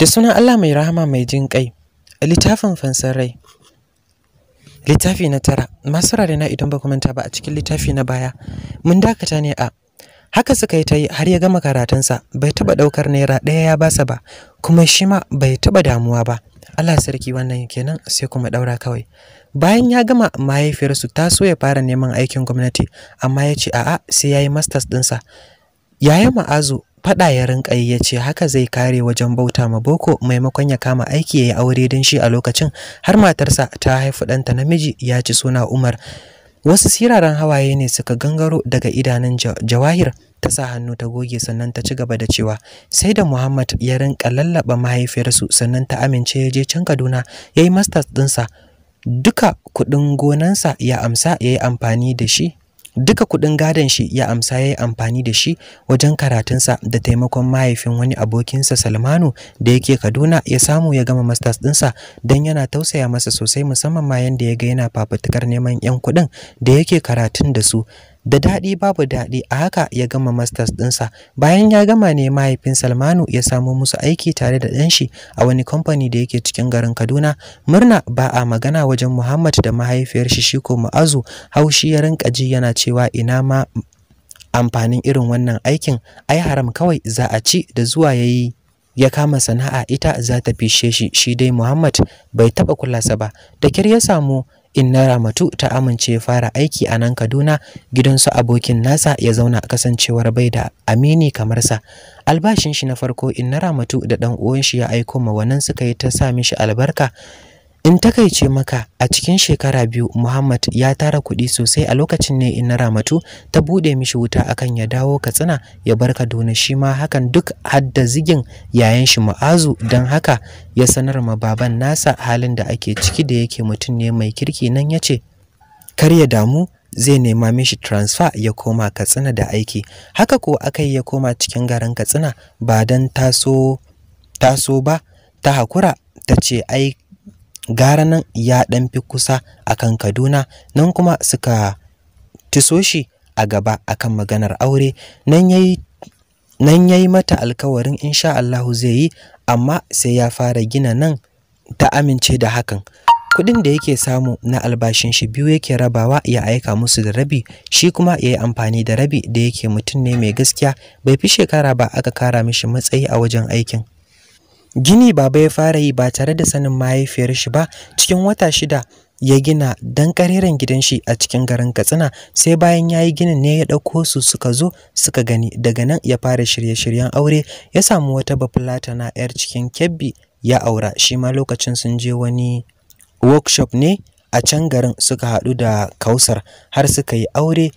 da sunan Allah mai rahama mai jin kai littafin fansar rai littafi na tara masu rare na idan ba ku manta ba a cikin littafi na baya mun dakata ne a haka suka yi ta yi har ya gama karatunsa bai taɓa ɗaukar naira ɗaya ya basa ba kuma shi ma bai taɓa damuwa ba Allah sarki wannan kenan sai kuma ɗaura kawai bayan ya gama mahaifiyarsu ta so ya fara neman aikin gwamnati amma ya ce a'a sai ya yi masters ɗinsa yaya ma'azu Faɗa ya rinƙa yi ya ce haka zai kare wajen bauta ma boko maimakon ya kama aiki ya yi aure don shi a lokacin har matarsa ta haifi ɗanta namiji ya ci suna Umar. Wasu siraran hawaye ne suka gangaro daga idanun Jawahir ta sa hannu ta goge sannan ta ci gaba da cewa sai da Muhammad ya rinka lallaba mahaifiyarsu sannan ta amince ya je can Kaduna ya yi masters ɗinsa duka kuɗin gonansa ya amsa ya yi amfani da shi duka kuɗin gadon shi ya amsa ya yi amfani da shi wajen karatunsa da taimakon mahaifin wani abokinsa salmanu da yake kaduna ya samu ya gama masters ɗinsa don yana tausaya masa sosai musamman ma yanda ya ga yana fafutukar neman 'yan kuɗin da yake karatun da su da daɗi babu daɗi a haka ya gama masters ɗinsa bayan ya gama ne mahaifin salmanu ya samo musu aiki tare da ɗan shi a wani kamfani da yake cikin garin kaduna murna ba a magana wajen muhammad da mahaifiyar shi ko ma'azu haushi ya rinka ji yana cewa ina ma amfanin irin wannan aikin ai haram kawai za a ci da zuwa yayi ya kama sana'a ita za ta fishe shi shi dai Muhammad bai taɓa kula ba da kyar ya samu inna ramatu ta amince fara aiki a nan kaduna gidan su abokin nasa ya zauna kasancewar bai da amini kamar sa albashin shi na farko inna ramatu da dan uwan shi ya aiko ma wannan suka yi ta sa mishi albarka In takaice maka a cikin shekara biyu Muhammad ya tara kuɗi sosai a lokacin ne in Ramatu ta buɗe mishi wuta akan ya dawo Katsina ya bar Kaduna shi ma hakan duk hadda zigin yayan shi Mu'azu dan haka ya sanar ma baban nasa halin da ake ciki da yake mutum ne mai kirki nan yace kar ya damu zai nema mishi transfer ya koma Katsina da aiki haka ko akai ya koma cikin garin Katsina ba dan taso taso ba ta hakura ta ce ai gara nan ya ɗan fi kusa a kan Kaduna nan kuma suka tuso shi a gaba akan maganar aure nan ya yi mata alkawarin insha Allahu zai yi amma sai ya fara gina nan ta amince da hakan kuɗin da yake samu na albashin shi biyu yake rabawa ya aika musu da rabi shi kuma ya yi amfani da rabi da yake mutum ne mai gaskiya bai fi shekara ba aka kara mishi matsayi a wajen aikin Gini baba ya fara yi ba tare da sanin mahaifiyar shi ba cikin wata shida ya gina dan kareren gidan shi a cikin garin Katsina sai bayan ya yi ginin ne ya ɗauko su suka zo suka gani daga nan ya fara shirye-shiryen aure ya samu wata na 'yar cikin kebbi ya aura shi ma lokacin sun je wani workshop ne a can garin suka haɗu da kausar har suka yi aure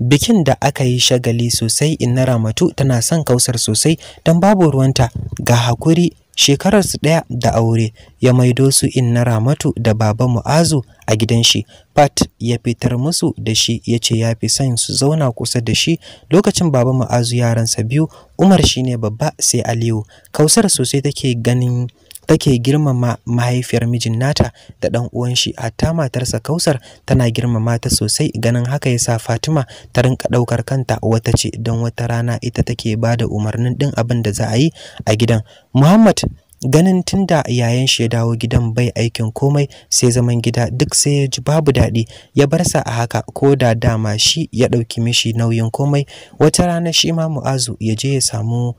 bikin da aka yi shagali sosai inna ramatu tana son kausar sosai don babu ruwanta ga hakuri Shekarar su ɗaya da aure ya maido su inna ramatu da baba mu'azu a gidan shi pat ya fitar musu da shi ya ce ya fi son su zauna kusa da shi lokacin baba mu'azu yaransa biyu umar shine babba sai aliyu kausar sosai take ganin take girmama mahaifiyar mijin nata da ɗan uwan shi hatta matarsa Kausar tana girmama ta sosai ganin haka yasa Fatima ta rinka ɗaukar kanta wata ce don wata rana ita take bada umarnin ɗin abin da za a yi a gidan Muhammad ganin tunda yayan shi ya dawo gidan bai aikin komai sai zaman gida duk sai ya ji babu daɗi ya bar sa a haka ko da dama shi ya ɗauki mishi nauyin komai wata rana shi ma mu'azu ya je ya samu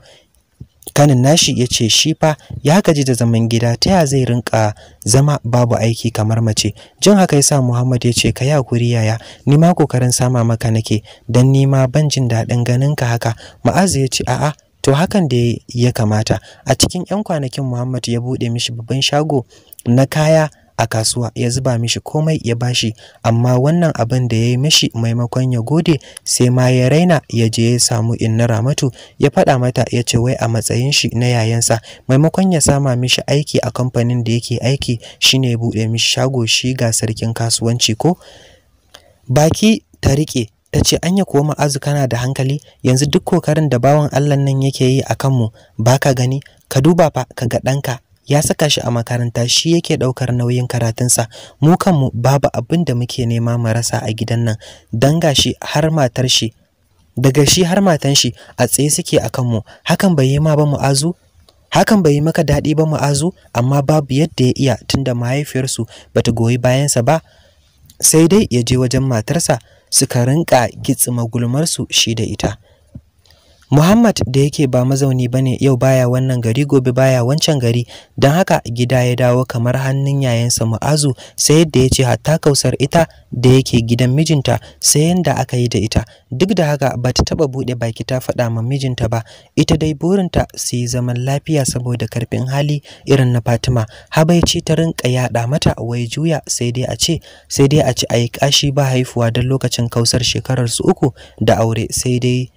kanin nashi ya ce shi fa ya gaji da zaman gida ta ya zai rinka zama babu aiki kamar mace jin haka yasa muhammad ya ce ka ya kuri yaya ni ma kokarin sama maka nake dan ni ma ban jin daɗin ganin ka haka ma'azu ya ce a'a to hakan da ya kamata a cikin 'yan kwanakin muhammad ya buɗe mishi babban shago na kaya a kasuwa ya zuba mishi komai ya bashi amma wannan abin da ya yi mishi maimakon ya gode sai ma ya raina ya je ya samu inna ramatu ya faɗa mata ya ce wai a matsayin shi na yayansa maimakon ya sama mishi aiki a kamfanin da yake aiki shine ya buɗe mishi shago shi ga sarkin kasuwanci ko baki ta riƙe ta ce anya kuwa ma'azu kana da hankali yanzu duk kokarin da bawan Allah nan yake yi a kanmu ba ka gani ka duba fa ka ga ɗanka ya saka shi a makaranta shi yake ɗaukar nauyin karatunsa mu kanmu babu abin da muke nema mu rasa a gidan nan dan gashi har matar shi daga shi har matan shi a tsaye suke a mu hakan bai yi ma ba mu'azu hakan bai yi maka daɗi ba azu, amma babu yadda ya iya tunda mahaifiyarsu bata goyi bayansa ba sai dai ya je wajen matarsa suka rinka gitsima gulmarsu shi da ita Muhammad da yake ba mazauni bane yau baya wannan gari gobe baya wancan gari don haka gida ya dawo kamar hannun yayansa Mu'azu sai yadda ya ce hatta kausar ita da yake gidan mijinta sai yadda aka yi da ita duk da haka ba ta taba bude baki ta faɗa ma mijinta ba ita dai burinta su yi zaman lafiya saboda karfin hali irin na Fatima ce ta rinka yaɗa mata wai juya sai dai a ce sai dai a ci a yi kashi ba haifuwa don lokacin kausar shekarar su uku da aure sai dai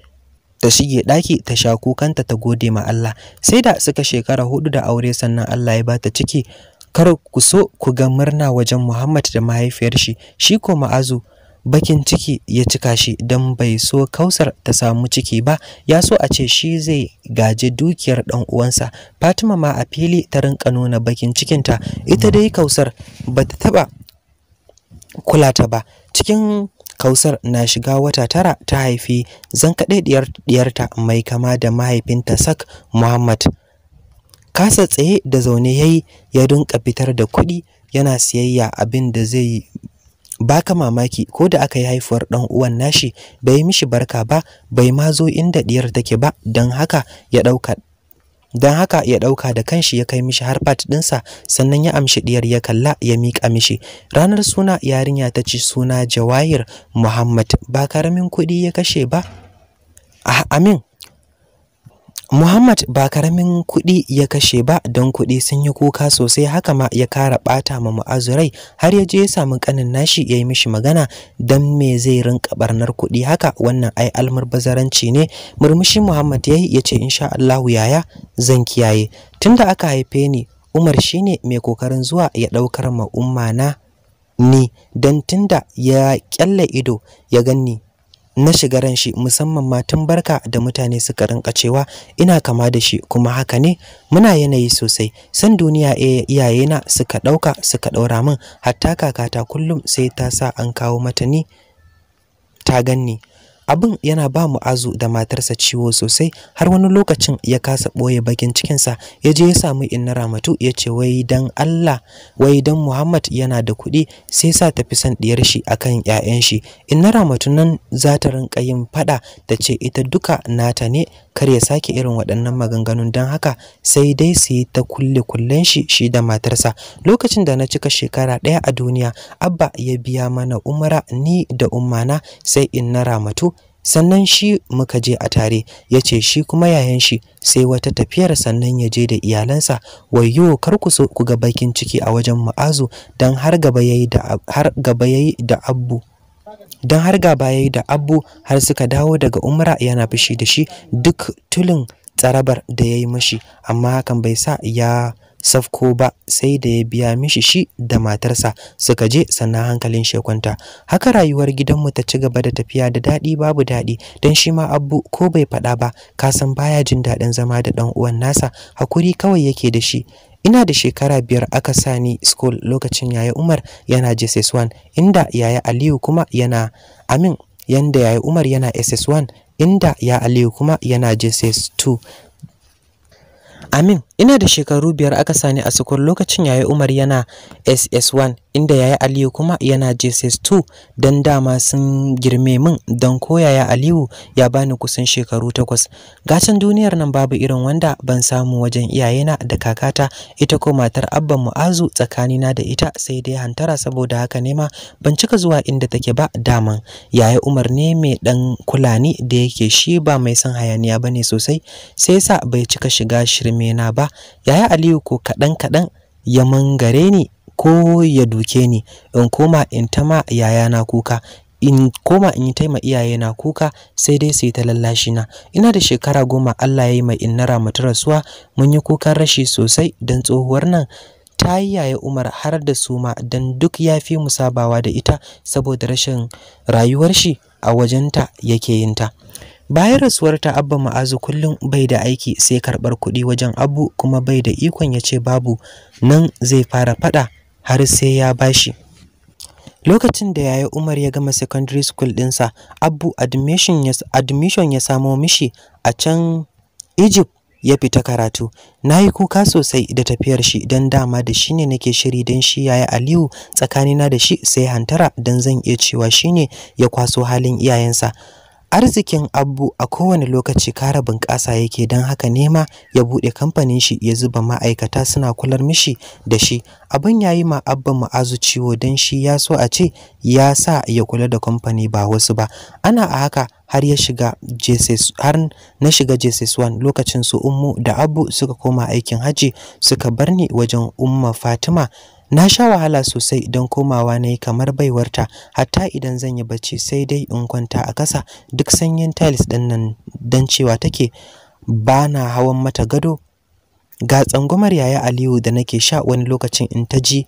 ta shige ɗaki ta sha kukanta ta gode ma Allah sai da suka shekara hudu da aure sannan Allah ya bata ciki kar ku so ku ga murna wajen Muhammad da mahaifiyar shi shi ko ma'azu bakin ciki ya cika shi don bai so kausar ta samu ciki ba ya so a ce shi zai gaji dukiyar dan uwansa fatima ma a fili ta rinka nuna bakin cikinta ita dai kausar bata ta taba kula ta ba cikin Kausar na shiga wata tara ta haifi zan zankaɗe diyarta mai kama da mahaifinta Sak Muhammad. Kasa tsaye da zaune yayi ya rinka fitar da kuɗi yana siyayya abin da zai yi. baka mamaki ko da aka yi haifuwar ɗan uwan nashi bai mishi barka ba bai ma zo inda diyar take ba don haka ya ɗauka. don haka ya ɗauka da kanshi ya kai mishi har fat ɗinsa sannan ya amshi ɗiyar ya kalla ya miƙa mishi ranar suna yarinya ta ci suna jawahir muhammad ba karamin kuɗi ya kashe ba ah, amin Muhammad ba karamin kuɗi ya kashe ba don kuɗi sun yi kuka sosai haka ma ya kara ɓata ma mu'azurai har ya je ya samu ƙanin nashi ya yi mishi magana don me zai rinka ɓarnar kuɗi haka wannan ai almurbazaranci ne murmushi Muhammad ya yi ya ce insha Allahu yaya zan kiyaye tunda aka haife ni Umar shine mai kokarin zuwa ya ɗaukar ma umma na ni don tunda ya kyalle ido ya ganni na shiga ran shi musamman ma tun barka da mutane suka rinka cewa ina kama da shi kuma haka ne muna yanayi sosai san duniya eh, iyayena suka ɗauka suka ɗaura min hatta kakata kullum sai ta sa an kawo mata ni ta ganni abin yana ba mu'azu da matarsa ciwo sosai har wani lokacin ya kasa ɓoye bakin cikinsa ya je ya samu inna ramatu ya ce wai dan allah wai dan muhammad yana da kuɗi sai sa tafi son ɗiyar shi akan ƴaƴan shi inna ramatu nan za ta rinka yin faɗa ta ce ita duka nata ne kar ya sake irin waɗannan maganganun don haka sai dai su yi ta kulle kullen shi shi da matarsa lokacin da na cika shekara ɗaya a duniya abba ya biya mana umara ni da ummana sai in na ramatu sannan shi muka je a tare ya ce shi kuma yayan shi sai wata tafiyar sannan ya je da iyalansa wayo kar ku so ku ga bakin ciki a wajen ma'azu don har gaba yayi da har gaba yayi da abbu don har ga da abu har suka dawo daga umra yana fushi da shi duk tulin tsarabar da ya yi mashi amma hakan bai sa ya safko ba sai da ya biya mishi shi da matarsa suka je sannan hankalin shekwanta haka rayuwar gidanmu ta ci gaba da tafiya da daɗi babu daɗi don shi ma abu ko bai faɗa ba kasan baya jin daɗin zama da ɗan uwan nasa hakuri kawai yake da shi ina da shekara biyar aka sani school lokacin yaya umar yana jss1 inda yaya aliyu kuma yana amin yanda yaya umar yana ss1 inda ya aliyu kuma yana jss2 Amin, ina da shekaru biyar aka sani a school lokacin yaya Umar yana SS1 inda yi Aliyu kuma yana JSS2 don dama sun girme min don ko ya Aliyu ya bani kusan shekaru takwas. Gatan duniyar nan babu irin wanda ban samu wajen iyayena da kakata ita ko matar abban Mu'azu tsakanina da ita sai dai hantara saboda haka nema ban cika zuwa inda take ba daman. Yaya Umar ne mai dan kulani da yake shi ba mai son hayaniya ne sosai sai yasa bai cika shiga shirmena ba. yi Aliyu ko kaɗan kaɗan ya mangare ni ko ya duke ni in koma in ta yayana kuka in koma in yi taima iyayena kuka sai dai sai ta lallashi na ina da shekara goma Allah ya yi mai innara mutu rasuwa mun yi kukan rashi sosai don tsohuwar nan ta yi yaya Umar har da su ma don duk ya fi musabawa da ita saboda rashin rayuwar shi a wajenta yake yin ta bayan ta abba ma'azu kullum bai da aiki sai karɓar kuɗi wajen abu kuma bai da ikon ya ce babu nan zai fara faɗa har sai ya bashi lokacin da yaya Umar ya gama secondary school ɗinsa abu admission ya admission ya samo mishi a can Egypt ya fita karatu nayi kuka sosai da tafiyar shi don dama da shine nake shiri dan shi yaya aliyu tsakanina da shi sai hantara dan zan iya cewa shine ya kwaso halin iyayensa arzikin abu a kowane lokaci kara bunƙasa yake don haka nema ya buɗe kamfanin shi ya zuba ma'aikata suna kular mishi da shi abin ya yi ma ma'azu ciwo don shi ya so a ce ya sa ya kula da kamfani ba wasu ba ana a haka har ya shiga jesus har na shiga jesus 1 lokacin su ummu da abu suka koma aikin haji suka barni wajen umma Fatima Na sha wahala sosai idan komawa na yi kamar baiwarta, hatta idan zan yi bacci sai dai in kwanta a ƙasa duk sanyin tiles ɗin nan don cewa take ba na hawan mata gado. Ga tsangwamar yaya Aliyu da nake sha wani lokacin in ta ji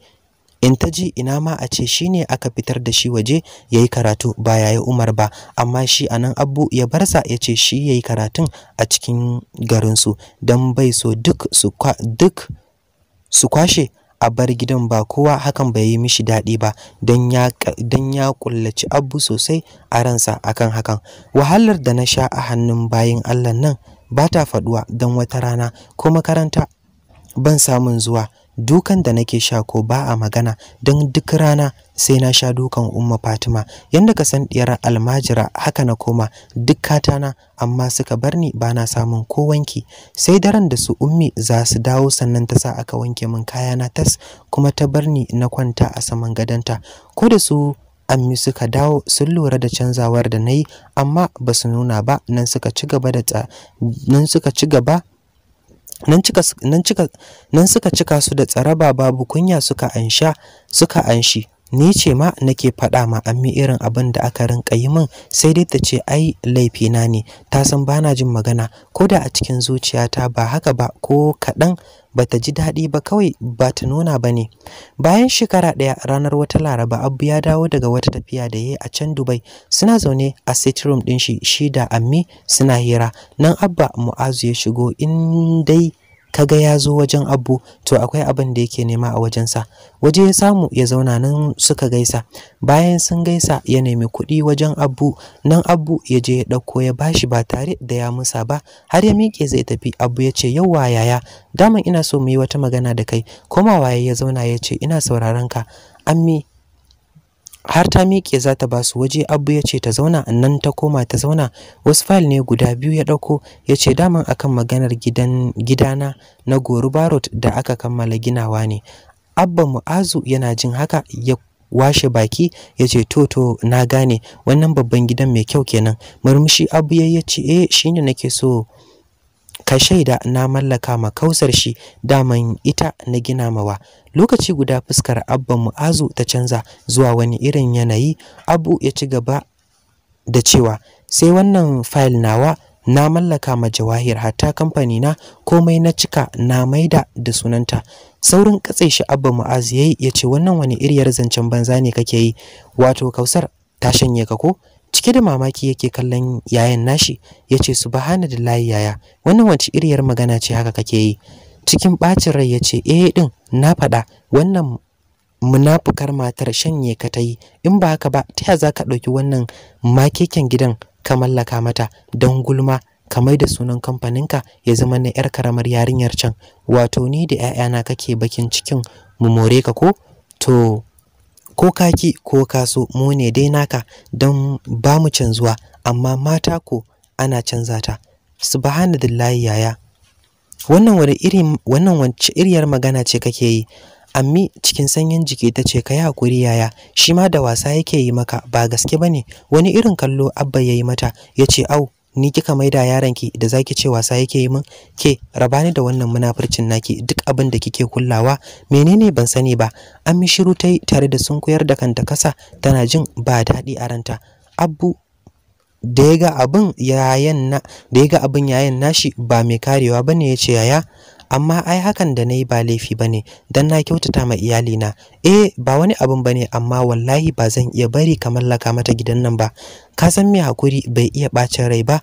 in ta ji ina ma a ce shi ne aka fitar da shi waje ya yi karatu ba yayi Umar ba amma shi a nan abu ya barsa ya ce shi ya yi karatun a cikin garinsu don bai so duk su kwashe a bar gidan ba kowa hakan bai yi mishi daɗi ba don ya ƙullaci abu sosai a ransa akan hakan wahalar da na sha a hannun bayan allah nan ba ta faɗuwa don wata rana ko makaranta ban samun zuwa dukan da nake sha ko ba a magana don duk rana sai na sha dukan umma fatima yanda ka san diyar almajira haka na koma duk katana amma suka bar ni ba na samun kowanki. sai daren da su ummi za su dawo sannan ta sa aka wanke min kayana tas kuma ta bar ni na kwanta a saman ta. ko da su ammi suka dawo sun lura da canzawar da na yi amma ba su nuna ba nan suka ci da nan suka ci gaba nan suka cika su da tsaraba babu kunya suka ansha suka anshi ni ce ma nake faɗa ma ammi irin abin da aka rinka yi min sai dai ta ce ai laifina ne ta san bana jin magana ko da a cikin zuciyata ba haka ba ko kaɗan bata ji daɗi ba kawai ba ta nuna ba ne bayan shekara ɗaya ranar wata laraba abu ya dawo daga wata tafiya da ya yi a can dubai suna zaune a sit room ɗin shi shi da ammi suna hira nan abba mu'azu ya shigo in dai Ka ga ya zo wajen abu to akwai abin da yake nema a wajensa waje ya samu ya zauna nan suka gaisa bayan sun gaisa ya nemi kuɗi wajen abu nan abu ya je ya ɗauko ya bashi ba tare da ya musa ba har ya miƙe zai tafi abu ya ce yauwa yaya daman ina so mu yi wata magana da kai Koma waye ya zauna ya ce ina sauraron ka ammi har ta miƙe za ta ba su waje abu ya ce ta zauna nan ta koma ta zauna wasu fayil ne guda biyu ya ɗauko ya ce daman akan maganar gidana na goru barot da aka kammala ginawa ne abba mu'azu yana jin haka ya washe baki ya ce to to na gane wannan babban gidan mai kyau kenan murmushi abu ya ce eh shine nake so ka shaida na mallaka ma kausar shi daman ita na gina mawa lokaci guda fuskar abban mu'azu ta canza zuwa wani irin yanayi abu ya ci gaba da cewa sai wannan fayil nawa na mallaka ma jawahir hatta kamfani na komai na cika na maida da sunanta saurin katse shi abba mu'az yayi ya ce wannan wani iriyar zancen banza ne kake yi wato kausar ta shanye ka ko cike da mamaki yake kallon yayan nashi ya ce subhanallahi yaya wannan wace iriyar magana ce haka kake yi cikin ɓacin rai ya ce eh din na faɗa wannan munafukar matar shanye ka ta yi in ba haka ba ta za ka ɗauki wannan makeken gidan ka mallaka mata don gulma mai da sunan kamfaninka ya zama na 'yar karamar yarinyar can wato ni da 'ya'yana kake bakin cikin mu more ka ko to ko kaki ko kaso mu ne dai naka don ba mu canzuwa amma mata ko ana canza ta subhanallahi yaya wannan wani irin wannan wacce iriyar magana ce kake yi ammi cikin sanyin jiki ta ce ka yi hakuri yaya shi ma da wasa yake yi maka ba gaske bane wani irin kallo abba ya yi mata ya ce au ni kika maida yaranki da zaki ce wasa yake yi min ke rabani da wannan munafurcin naki duk abin da kike kullawa menene ban sani ba an mi shiru tai tare da sun koyar da kanta kasa tana jin ba daɗi a ranta abbu da ya ga abin yayan na da ya ga abin yayan nashi ba mai karewa bane ya ce yaya amma ai hakan da na yi ba laifi ba ne don na kyautata ma iyalina eh ba wani abin ba ne amma wallahi ba zan iya bari ka mallaka mata gidan nan ba ka san me hakuri bai iya ɓacin rai ba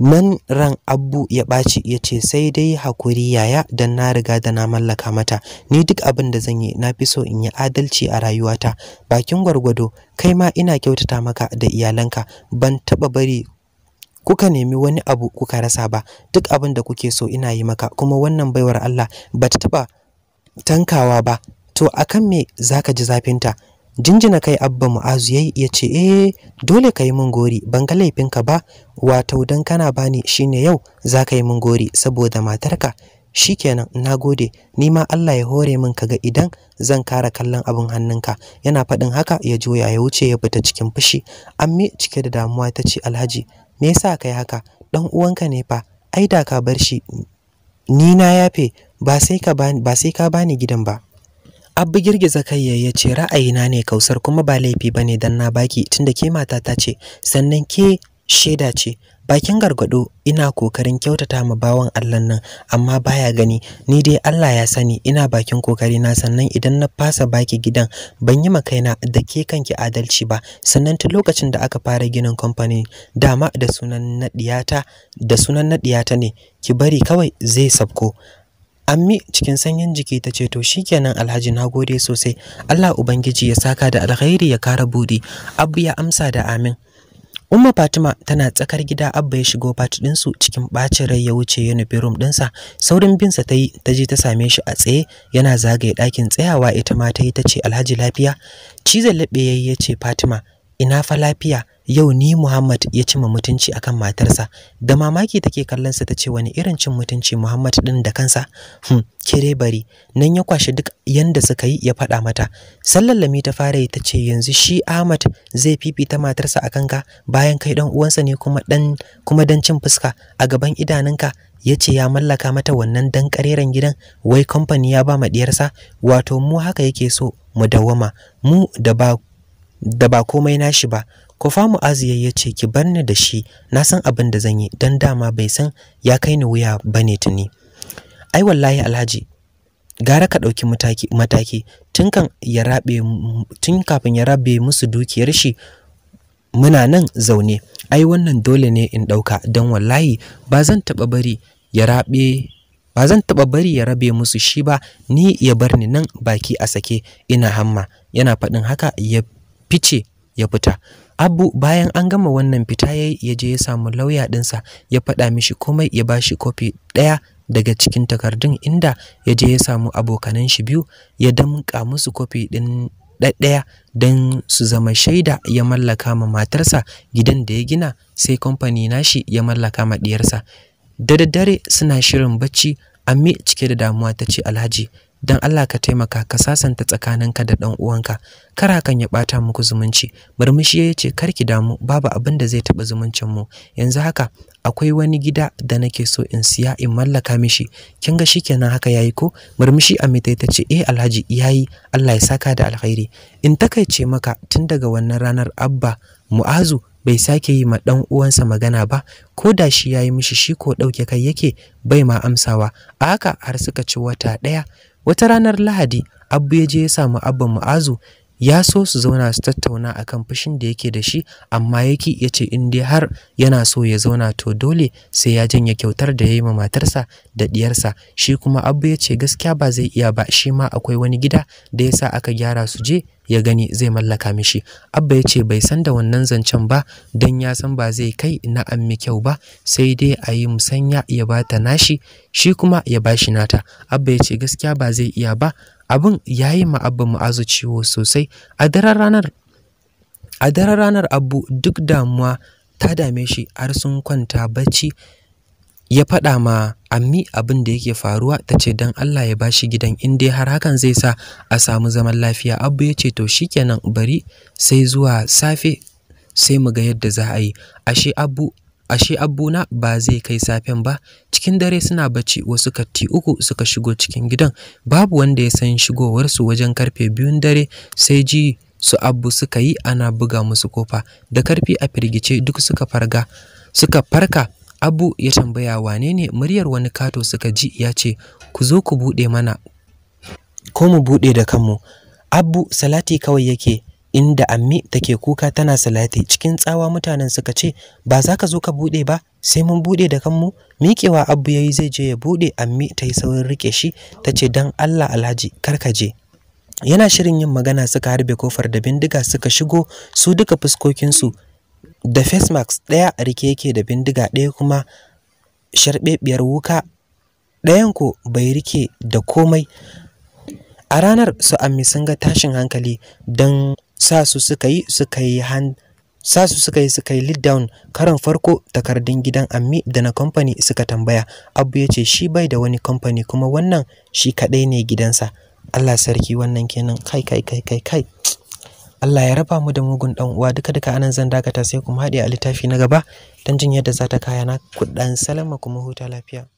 nan ran abu ya ɓaci ya sai dai hakuri yaya don na riga da na mallaka mata ni duk abin da zan yi na fi so in yi adalci a rayuwata bakin gwargwado kai ma ina kyautata maka da iyalanka ban taɓa bari kuka nemi wani abu kuka rasa ba duk abin da kuke so ina yi maka kuma wannan baiwar Allah ba ta taɓa tankawa ba to akan me zaka ji zafinta jinjina kai abba mu'azu yayi ya ce eh dole ka yi min gori ban ga laifinka ba wato dan kana bani shine yau za ka yi mun gori saboda matarka shi shikenan nagode ni ma Allah ya hore min kaga idan zan kara kallon abin hannunka yana faɗin haka ya juya ya wuce ya fita cikin fushi amme cike da damuwa ta ce alhaji me yasa kai haka dan uwanka ne fa ai da ka bar shi ni na yafe ba sai ka bani ba sai ka bani gidan ba abu girgiza kai ya ce ra'ayina ne kausar kuma ba laifi bane dan na baki tunda ke matata ce sannan ke shaida ce bakin gargado ina kokarin kyautata ma bawan Allah nan amma baya gani ni dai Allah ya sani ina bakin kokari na sannan idan na fasa baki gidan ban yi ma kaina da ke kanki adalci ba sannan ta lokacin da aka fara ginin kamfani dama da sunan diyata da sunan diyata ne ki bari kawai zai sabko Ammi cikin sanyin jiki ta ce to shikenan Alhaji nagode sosai Allah ubangiji ya saka da alkhairi ya kara budi Abu ya amsa da amin Umma Fatima tana tsakar gida Abba ya shigo bat su cikin ɓacin rai ya wuce ya nufi room ɗinsa. Saurin binsa ta yi ta je ta same shi a tsaye yana zagaye ɗakin tsayawa ita ma ta tace Alhaji lafiya. Cizon laɓe yayi ce Fatima ina fa lafiya yau ni Muhammad ya cima mutunci akan matarsa da mamaki take kallon sa tace wani irin cin mutunci Muhammad din da kansa hmm kire bari nan ya kwashi duk yanda suka yi ya faɗa mata sallallami ta fara yi tace yanzu shi Ahmad zai fifita matarsa akan ka bayan kai dan uwansa ne kuma dan kuma dan cin fuska a gaban idanunka yace ya mallaka mata wannan dan kareren gidan wai company ya ba ɗiyarsa? wato mu haka yake so mu dawama mu da ba da ba komai nashi ba Kofa Mu'azu ya ce ki bar ni da shi na san abin da zan yi dan dama bai san ya kai ni wuya bane tuni. Ai wallahi Alhaji gara ka ɗauki mataki mataki tun kan ya rabe tun kafin ya rabe musu dukiyar shi muna nan zaune ai wannan dole ne in ɗauka don wallahi ba zan taɓa bari ya rabe ba zan taɓa bari ya rabe musu shi ba ni ya bar ni nan baki a sake ina hamma yana faɗin haka ya fice ya fita Abu bayan an gama wannan fita yayi ya je ya samu lauya ɗinsa ya faɗa mishi komai ya bashi kofi ɗaya daga cikin takardun inda ya je ya samu abokanan shi biyu ya damƙa musu kofi ɗin ɗaɗɗaya don su zama shaida ya mallaka ma matarsa gidan da ya gina sai kamfani nashi ya mallaka ma ɗiyarsa da daddare suna shirin bacci ammi cike da damuwa ta ce alhaji dan Allah ka taimaka ka sasanta tsakaninka da ɗan uwanka kar hakan ya bata muku zumunci murmushi ya ce kar ki damu babu abin da zai taɓa zumuncin mu yanzu haka akwai wani gida da nake so in siya in mallaka mishi kin ga shikenan haka yayi ko murmushi Amita ta ce eh Alhaji yayi Allah ya saka da alkhairi in takaice maka tun daga wannan ranar Abba Mu'azu bai sake yi ma dan uwansa magana ba ko da shi yayi mishi shi ko dauke kai yake bai ma amsawa a haka har suka ci wata daya wata ranar lahadi abu ya je ya samu abban ma'azu. ya so su zauna su tattauna akan fushin da yake da shi amma yaki ya ce in dai har yana so ya zauna to dole sai ya janye kyautar da ya yi ma matarsa da diyarsa shi kuma Abba ya ce gaskiya ba zai iya ba shi ma akwai wani gida da ya sa aka gyara su je ya gani zai mallaka mishi abba ya ce bai san da wannan zancen ba Dan ya san ba zai kai na ammi kyau ba sai dai a yi musanya ya bata nashi shi kuma ya ba shi nata abba ya ce gaskiya ba zai iya ba abin ya yi ma ma'azu ciwo sosai a daren ranar a abu duk damuwa ta dame shi har sun kwanta bacci ya faɗa ma ammi abin da yake faruwa ta ce don Allah ya bashi gidan in dai har hakan zai sa a samu zaman lafiya abu ya ce to shi shikenan bari sai zuwa safe sai mu ga yadda za a yi ashe abu ashe abbuna ba zai kai safen ba cikin dare suna bacci wasu katti uku suka shigo cikin gidan babu wanda ya san shigowarsu wajen karfe biyun dare sai ji su abu suka yi ana buga musu kofa da karfi a firgice duk suka farga suka farka abu ya tambaya wane ne muryar wani kato suka ji ya ce ku zo ku buɗe mana ko mu buɗe da kanmu abu salati kawai yake inda ammi take kuka tana salati cikin tsawa mutanen suka ce ba za ka zo ka bude ba sai mun bude da kanmu miƙewa abu yayi zai je ya bude ammi ta yi saurin rike shi ta ce dan Allah Alhaji kar ka je yana shirin yin magana suka harbe kofar da bindiga suka shigo su duka fuskokinsu da face mask ɗaya rike yake da bindiga ɗaya kuma sharɓeɓiyar wuka ɗayan ko bai rike da komai a ranar su ammi sun ga tashin hankali don sasu su suka yi suka yi han sasu suka yi suka yi lead down karon farko takardun gidan ammi da na kamfani suka tambaya abu ya ce shi bai da wani kamfani kuma wannan shi kadai ne gidansa allah sarki wannan kenan kai kai kai kai kai allah ya raba mu da mugun dan uwa duka duka anan zan dakata sai kuma haɗe a littafi na gaba dan jin yadda za ta kaya na kuɗan salama kuma huta lafiya